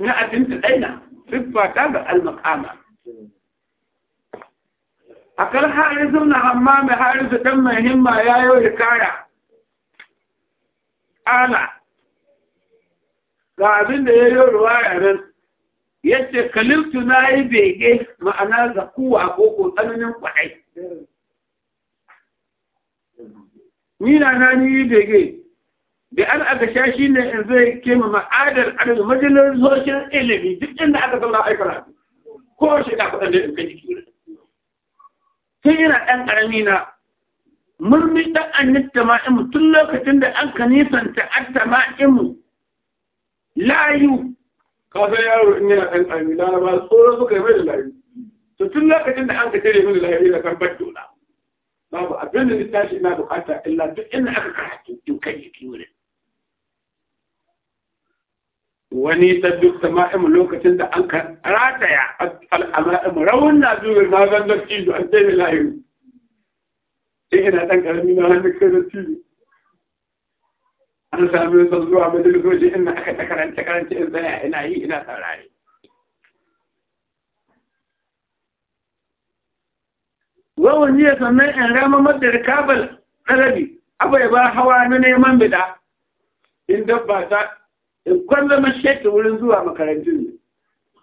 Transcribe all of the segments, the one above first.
na abinci daina siffa ta ga almakama a kan na amma mai harisu ɗan mai himma ya yi kara ƙala ga abin da ya yi ruwaya Ya ce kaliltu na yi bege ma'ana kuwa ko ko tsananin kwaɗai ni na na yi bege بأن أكشاشين إنزين كم ما عادل على المجلة الزوجة اللي في جد إن عدد الله إكرام كل شيء نأخذ عنده يمكن يكون هنا أن أرمينا مرمي أن التمائم تلوك تند أن كنيسا تأكد ما إمو لا يو قال يا رب إننا أن أرمينا أنا ما أصول أبوك يمين لا يو تلوك تند أن كتير يمين لا يو إذا كان بجونا ما هو أبين الناس ما بخاطة إلا بإن أكد يمكن يكون wani sabbin sama'im lokacin da an rataya al'ama'im rawan na zuwa na zangar cizo an sai da layu in ina ɗan ƙarami na hannun kai da cizo an sami son zuwa majalisoci ina aka ta karanta karanta in tsaya ina yi ina saurare wawan jiya sannan in rama madar kabal na rabi abai ba hawa na neman bida in dabba ta in kwallo masheke wurin zuwa makarantun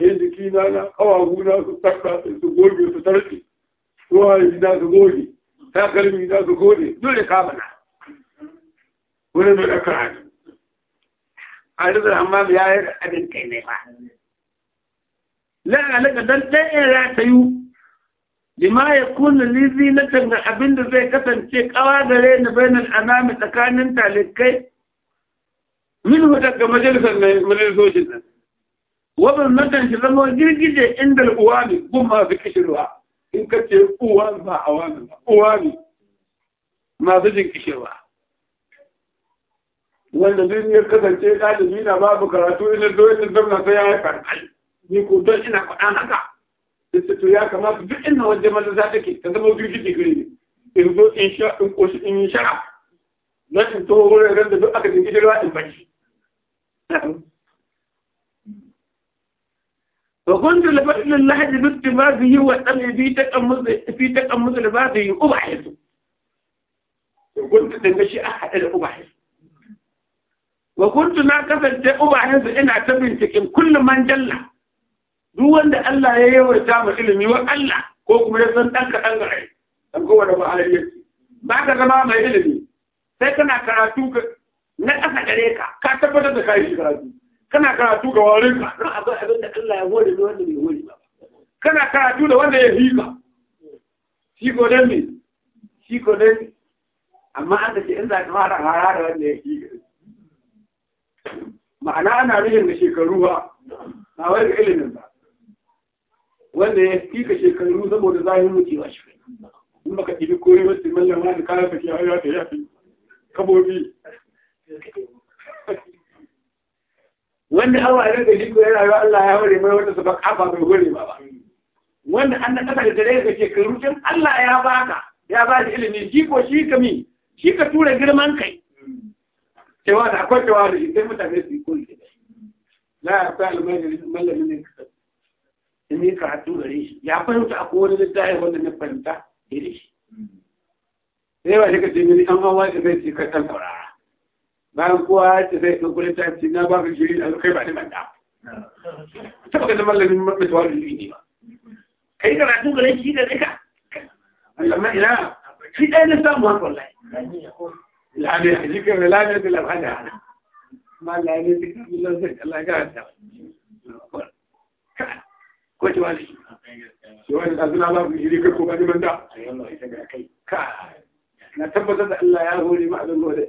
ne in na na awagu na su tarka su goge su tarki ruwa na su goge takalmi na su goge dole kama na wurin da ɗaukar hannu a rikin amma ya yi abin kai ne ba la'alaka don ɗaya ya ta yi lima ya kuna lizi na tanga abin da zai kasance kawa gare ni bainar anami tsakanin talikai minhu daga majalisar majalisojin nan wabin matan shi zama girgije inda uwa ne gun masu kishirwa in ka ce uwa ba a wani ba uwa ne masu jin kishirwa wanda duk ya kasance ɗalibi na babu karatu ina doyin da zamna sai ya yi karkai ni ko don ina faɗa haka sai to ya kamata duk inda wajen madrasa za ta ke zama girgije gare ni in zo in sha in koshi in yi shara don in taho wurin da duk aka jin kishirwa in baki وكنت لفتن الله دي بس ما فيه وقتم في تقمز في تقمز لبعضه أبحث وكنت تنشي أحد الأبحث وكنت ما كفلت أبحث إن أعتبرت إن كل من جلّه هو أن الله يهو السامة إلمي وقلّه كوك من الزن تنك أنغعي أم كوانا ما على يدي ما كذا ما ما إلمي سيكنا كراتوك gare ka ka tabbatar da shiga karatu kana karatu ga warin ka don abin da Allah ya hore ne wanda bai hore ba kana karatu da wanda ya hika shi ko dan ne shi ko dan amma an da ce in za ka fara harara wanda ya hika ma'ana ana rihin da shekaru ba ba wai ilimin ba wanda ya fika shekaru saboda zahirin mutuwa shi in baka ɗibi kore wasu mallan wani kayan tafiya ya ta yafi kabobi wanda an ware da shi ko yi rayuwa Allah ya hore mai wata sabon kafa mai hore ba ba wanda an na kasa da tare ke karutun Allah ya baka ya ba da ilimi shi ko shi ka mi shi ka tura girman kai cewa da akwai cewa da shi sai mutane su yi kulli la ya fa almajiri mallami ne ka in yi karatu gare shi ya fahimta akwai wani littafi wanda na fahimta da shi sai ba shi ka ce mini an hawa da zai ce ka san saurara ما هو في كل تأثير نبى في جيل الخيبة لمن دع تبقى لما اللي من مرت وارد فيني هي كان عندهم كل شيء ده كا لما لا في ده نسمع ما كل لا لا يجيك لا لا لا لا بحاجة ما لا يجيك لا لا لا كويس والله شو هذا الله يجيك كوبا دي من دا لا تبغى تقول الله يا هو اللي ما عنده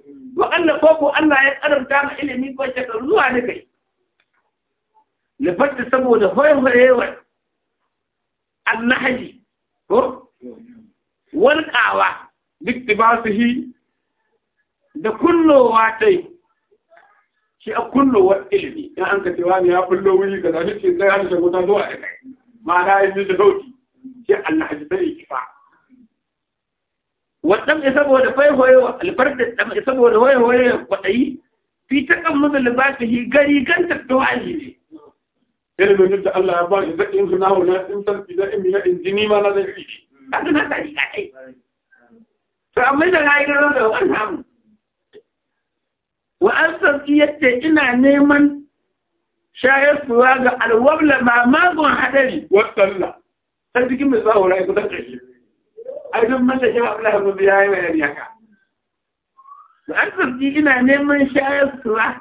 waƙalla ko ko Allah ya karanta ma ilimi ko shekaru zuwa da kai lifatta saboda hoyarwar annahaji ko walƙawa duk da ba su yi da kullowa ta yi shi a kullowar ilimi in an ka cewa ne ya kullo wuri ga zafi ce sai hannu shagutan zuwa da kai ma na yi da sauki shi annahaji sai ya kifa والدم يسبب الفيه هو البرد الدم يسبب هو هو وطي في تقمض لباسه غري كان تتوالي irin domin da Allah ya ba ni zai in suna wani in san idan in mina in jini ma na zai fi shi. Ba su na tsari ka kai. To amma da na yi gano da wani samu. Wa an sauki yadda ina neman shayar suwa ga alwabla ma magun hadari. Wasalla. Ta jikin mai zawo rai kusan ƙarshe. ai duk mallake Abdullahi ibn Zubair yayi 'yan yaka. Ba an tsarki ina neman shayar su sura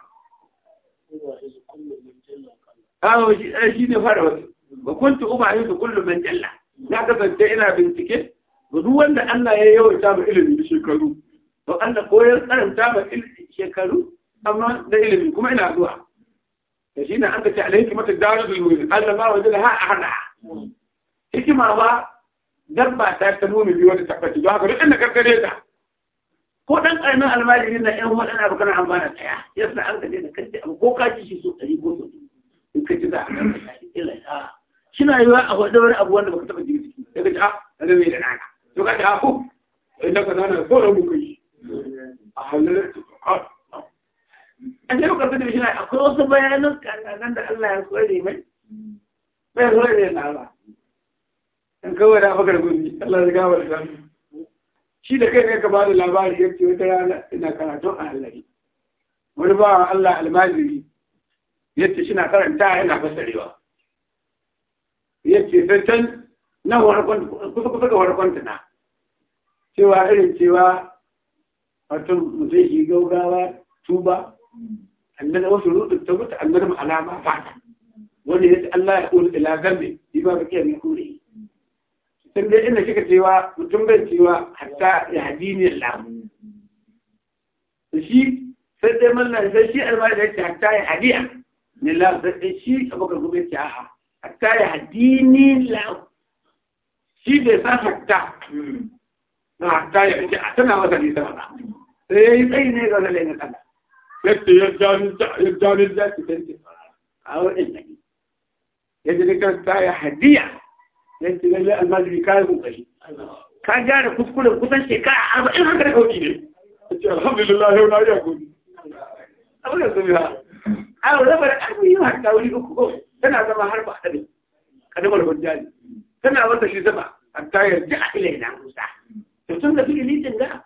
awo shi ne fara wasu ba kuntu uba yi su kullum man jalla na kasance ina bincike duk wanda Allah ya yi mu ilimi da shekaru to Allah koyar karanta mu ilimi shekaru amma da ilimi kuma ina zuwa da shi ne an ka ce alaiki mata darul murid Allah ma wajala ha ahada hikima ba dabba ta ta nuna biyu da tabbaci don haka duk inda karkare ta ko dan karamin almajiri na yan waɗanda abu kana amfana ya yasa an gaje da kanta abu ko ka ci shi so ɗari ko so in ka ci za a karkata shi ila ya yi yiwa a wadda wani abu wanda baka taɓa jiri ciki daga ta a da mai da nana to ka ta a ko ka zana ko rabu ka yi a halalar su ah, ah. a ne ka fi da shi na akwai wasu bayanan kananan da Allah ya kware mai bai kware na kawai da abakar gumi Allah ya gawar ta shi da kai ne ka ba da labari ya ce wata rana ina karatun a halari wani ba Allah almajiri ya ce shi na karanta yana fasarewa ya ce fitan na kusa kusa ga warkwanta na cewa irin cewa wato mutum shi gaugawa tuba annan wasu rudin ta wuta annan alama fata wani ya ce Allah ya kuri ila zambe yi ba ka kiyar ne kuri تبدأ إن شكل سوا وتنبت سوا حتى يهديني العام الشيء فده من الشيء المال ده حتى يهديه من الله الشيء أبوك الغبي تاعها حتى يهديني العام شيء ده صار حتى ما حتى يهدي أتنا هذا اللي سمعنا أي أي نيجا لين هذا لا تيجي تاني تاني تاني تاني أو إنك يجب أن تكون هدية yanki lalle almajiri kayan kokari ka gyara kuskuren kusan shekara arba'in haka da kauki ne alhamdulillah yau na iya gobe da a raba da yi ta wuri uku tana zama har ba ɗabi kadamar tana wata shi zama a tayar ji a ilai na musa to tun da fili litin ga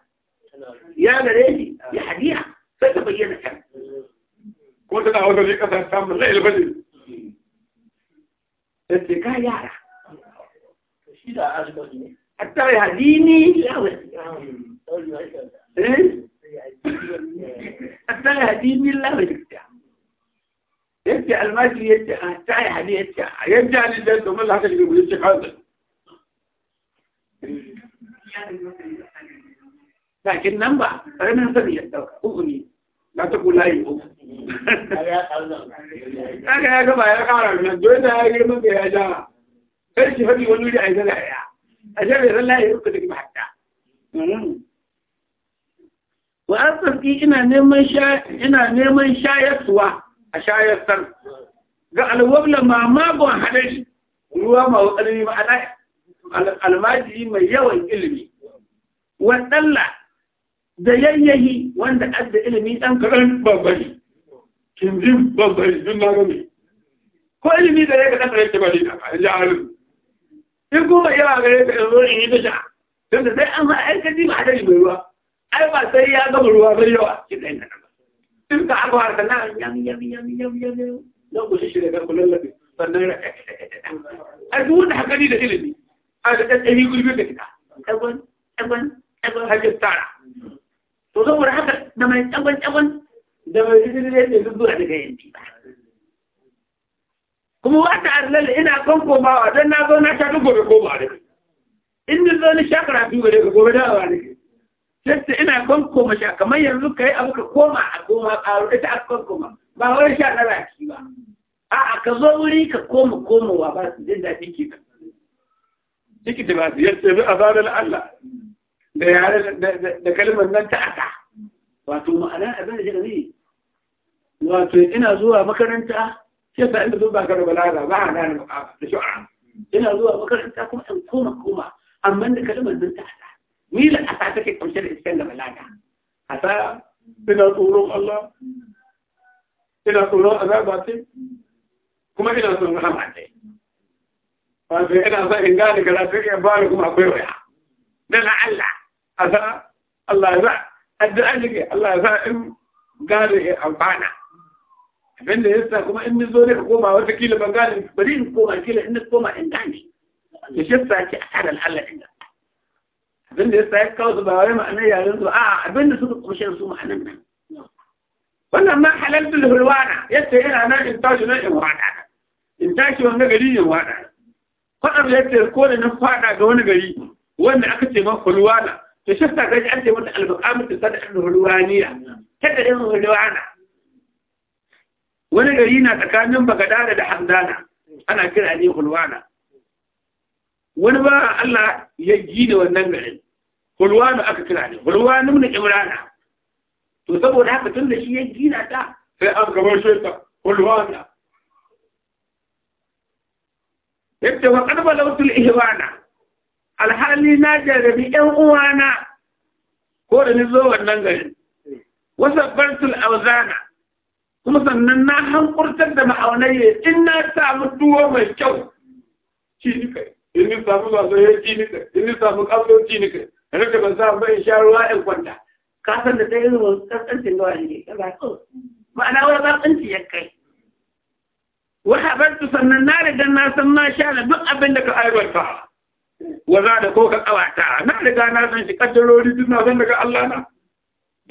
ya gare shi ya hadiya sai ta bayyana kan ko tana wata ne ka yara التوي هديني الأول التوي إيه؟ هديني الأول يرجع الماشي يرجع التوي هدي يرجع يرجع للبيت وما لها تجربة يرجع هذا لكن نمبع أنا هسمي أغني لا تقول لا يؤمن هذا هذا ما يقال من الدنيا يجري من بيها kar ki faɗi wani wuri a yi zala ya a shabe zan layi ruka da kuma hatta hmm. wa an tsarki ina neman ina neman shayarwa a shayar san ga alwabla ma magon hadari ruwa ma wakalmi ma'ana almajiri mai yawan ilimi wadalla da yayyahi wanda adda ilimi dan ɗan kaɗan bambari kinjin bambari jin na gani. ko ilimi da ya ga ɗan ke bari a jahalin sai kuma yawa gare ka yanzu in yi tasha tunda sai an ha ai kaji ba dai mai ruwa ai ba sai ya gama ruwa sai yawa shi dai na in ka aka har kana yam yam yam yam yam na ku shi daga kullun lafi sannan ai duk wanda haka ni da ilimi a da tsayi gurbi da kita tsagon tsagon tsagon hajji tara to saboda haka da mai tsagon tsagon da mai hidire ne duk zuwa daga yanzu ba kuma wata arzal ina kan komawa don na zo na sha gobe koma da in ni zo ni sha karatu gare ka gobe dawa ne sai ina kan koma sha kamar yanzu kai abu ka koma a koma a ita ta kan koma ba wai sha na raki ba a'a ka zo wuri ka koma komowa ba su jin daɗin ki ka ciki da ba su yadda bi azabar Allah da yare da kalmar nan ta aka wato ma'ana abin da ne wato ina zuwa makaranta shi yasa inda zo ba ka da balaga ba a gane da shu'a ina zuwa makaranta kuma in koma koma amma da kalmar nan ta asa ni da asa take kamshe da iskan da balaga asa ina tsoron Allah ina tsoron azaba ce kuma ina tsoron rahama ce wato ina sa in gane karatu ya bani kuma akwai waya dan Allah asa Allah ya sa addu'a ne Allah ya sa in gane amfana abin da sa kuma in ni zo ne ka koma wata kila ban gane bari in koma kila in ni koma in gane ya sa ki a karan Allah inda abin da sa ya kawo su ba wai ma'anar yaren su a'a abin da suka kushe su ma'anar nan wannan ma halal da hulwana yace ina nan in tashi nan in wada in tashi wanga gari in wada fadar yace ko da na fada ga wani gari wanda aka ce ma hulwana to sa ga an ce mata al-buqamatu sadaqatu hulwaniya kada in hulwana wani gari na tsakanin bagadada da hamdana ana kira ne hulwana wani ba Allah ya yi da wannan garin hulwana aka kira ne hulwana mun imrana to saboda haka tun da shi ya gina ta sai an gabar shi ta hulwana yadda wa ƙarfa lautul ihwana alhali na jarabi ƴan uwana ko da ni zo wannan garin wasa bartul auzana kuma sannan na hankurtar da ma'aunai ne in na samu tuwo mai kyau ci ni kai in ni samu zazo ya ci ni kai in ni samu kafin ci ni kai in ka ban samu bai sha ruwa in kwanta ka san da ta yi zuwa kaskancin gawa ne ka ba ko ma'ana wani zaɓanci ya kai wa habartu sannan na riga na san ma sha da duk abin da ka aiwata wa za da ko ka kawata na riga na san shi kaddarori duk na san daga Allah na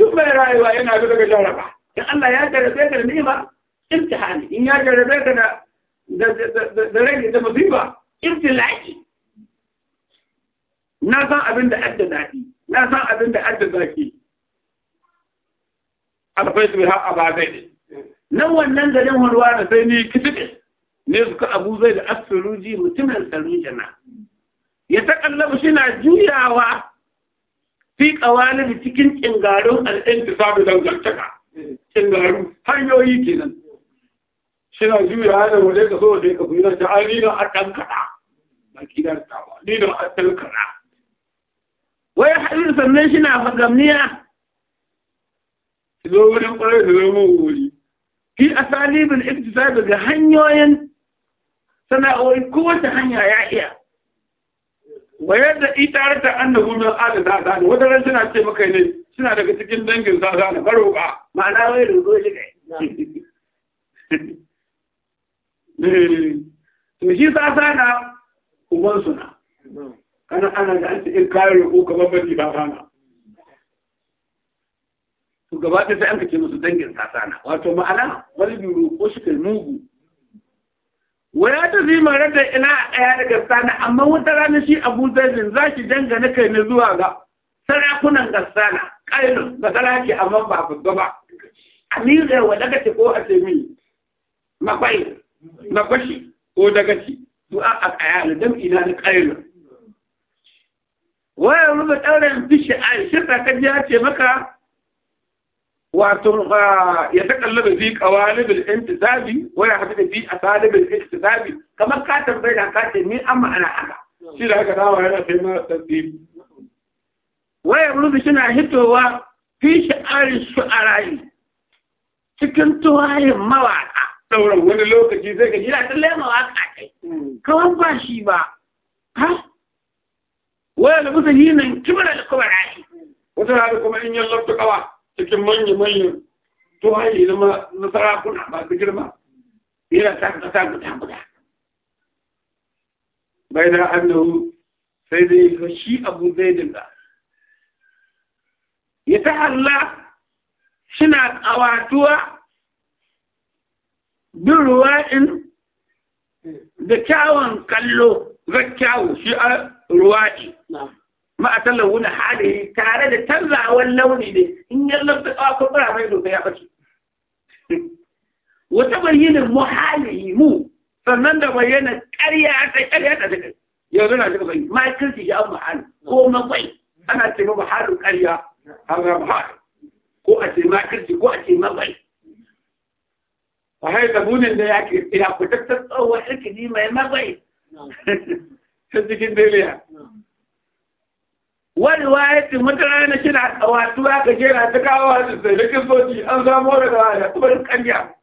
duk mai rayuwa yana da daga jaraba in Allah ya jarabe ka da ni'ima imtihani in ya jarabe ka da da rage da musiba ibtila'i na san abin da adda daɗi na san abin da adda zaki alfai su ha ababai ne nan wannan garin hulwa da sai ni kitiɗe ne suka abu zai da asuluji mutumin sarujana ya ta kallabu shina juyawa fi kawalin cikin ƙingarin al'intisabi dangantaka ويقول إنهم هاي يجينا شنازوي هذا وليك صور ذيك بينا تعالينا أكن كنا ما كنا نتابع لينا أكل كنا ويحلل فنشنا فجمنيا لوري قري لوري في أساليب الاكتساب جهنيين سنا أو القوة هنيا يا إيا ويدا إتارت أنه من الأرض هذا وده لسنا تبكيني suna daga cikin dangin zaza na ba ma'ana wai rubo shi ne eh, to shi zaza na uban suna kana ana da an in kayan rubo kamar mafi zaza na to gaba ta sai an musu dangin zaza na wato ma'ana wani duro ko shi kai mugu waya ta zai marar da ina a ɗaya daga sana amma wata rana shi abu zai za dangane kai ne zuwa ga sarakunan gassana ƙarin magana ce amma ba babba ba a miƙa wa daga ce ko a ce min makwai makwashi ko daga ce to a a kayanu dan ina na ƙarin waya rufe ɗaurin bishi a shi ta kaji ya ce maka wato ya takallaba bi qawalibul intisabi wa ya hafi bi asalibil intisabi kamar ka tambaye da ka ce ni an ma'ana haka shi da haka dawa yana sai ma tasdiri wayar rubi suna hitowa fi sha'arin shu'arayi cikin tuwayin mawaƙa ɗauran wani lokaci zai ga jira ɗin lai mawaƙa kai kawai ba shi ba ha wayar rubi sun yi nan kibira da kuma rashi wata rana kuma in yin lafta kawa cikin manya-manyan tuwayi na sarakuna ba su girma yana ta ta ta guda bai da annahu sai dai shi abu zai dinga ita Allah suna ƙawatuwa bin ruwa'in da kyawun kallo ga kyawu shi a ruwa'i ma'atar launa halaye tare da canzawar launi ne in yi lafi tsawakon mai doka ya ɓace wata bayanin mu halaye mu sannan da bayyana ƙarya ta ƙarya ta daga yanzu na daga bayyana makirci ya mu hali ko makwai ana ce mu halin ƙarya الرباح ko a ce ma kirji ko a ce ma bai a haika bunin da ya ke ina fitattar tsawon ikini mai mabai ta cikin duniya wani wayatin wata rana kina kawatuwa ka jera ta kawo wasu sai da kisoci an samu da wada kuma kanya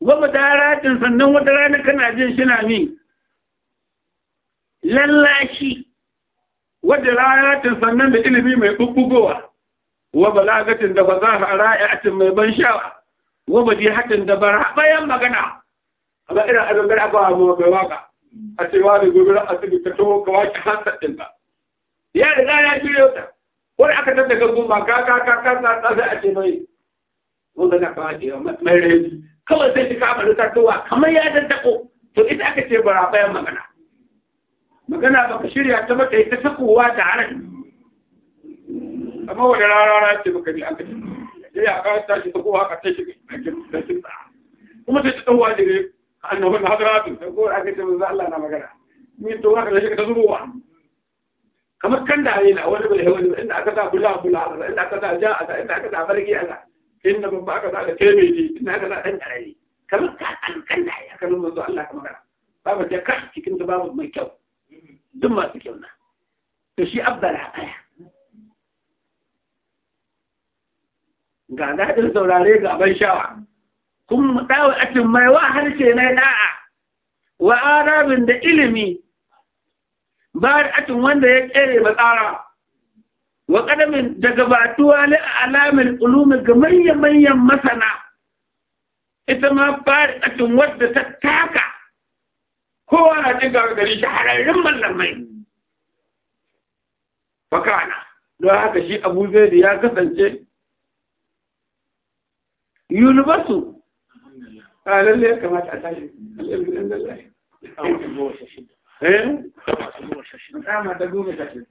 wata daratin sannan wata rana kana jin shi na min lallashi wadda rayatin sannan da ilimi mai bubbugowa wa balagatin da fasaha rayatin mai ban sha'a wa badihatin da bara bayan magana amma ina abin gari abawa mu ga waka a wa da gobe a cikin ta tawo ka waki hansa din ba ya da ya jiyo ta wani aka tattaka gumba ka ka ka ka ka sai a ce mai wanda na ji mai rai kawai sai shi kama ta to kamar ya daddako to ita aka ce bara bayan magana magana ba ka shirya ta mata ta sakowa da harin amma wani rarara ce baka bi aka ce sai ya kawo ta shi sakowa ka ta shi da shi kuma sai ta tsawa da ne annabin hadaratu da ko aka ce manzo Allah na magana ni to haka da shi ka zubowa kamar kan da ne na wani bai wani inda aka sa bula bula inda aka sa ja aka inda aka sa barki aka inda babba aka sa da tebe ji inda aka sa ɗan karami kamar ka an kan da ya kallon manzo Allah ka magana babu da kashi cikin babu mai kyau duk masu kyau na to shi abdal Aya. ga daɗin saurare ga abin shawa kun mu ɗawa atin mai wa harshe na da'a? wa arabin da ilimi ba da atin wanda ya ƙere matsara wa ƙadamin da gabatuwa na alamin ulumi ga manyan manyan masana ita ma ba atin wadda ta taka kowa na jin ga gari shahararrun mallamai fakana don haka shi abu zai ya kasance yunubasu a ah, lalle ya kamata a tashi a eh? goma sha shida. Eh?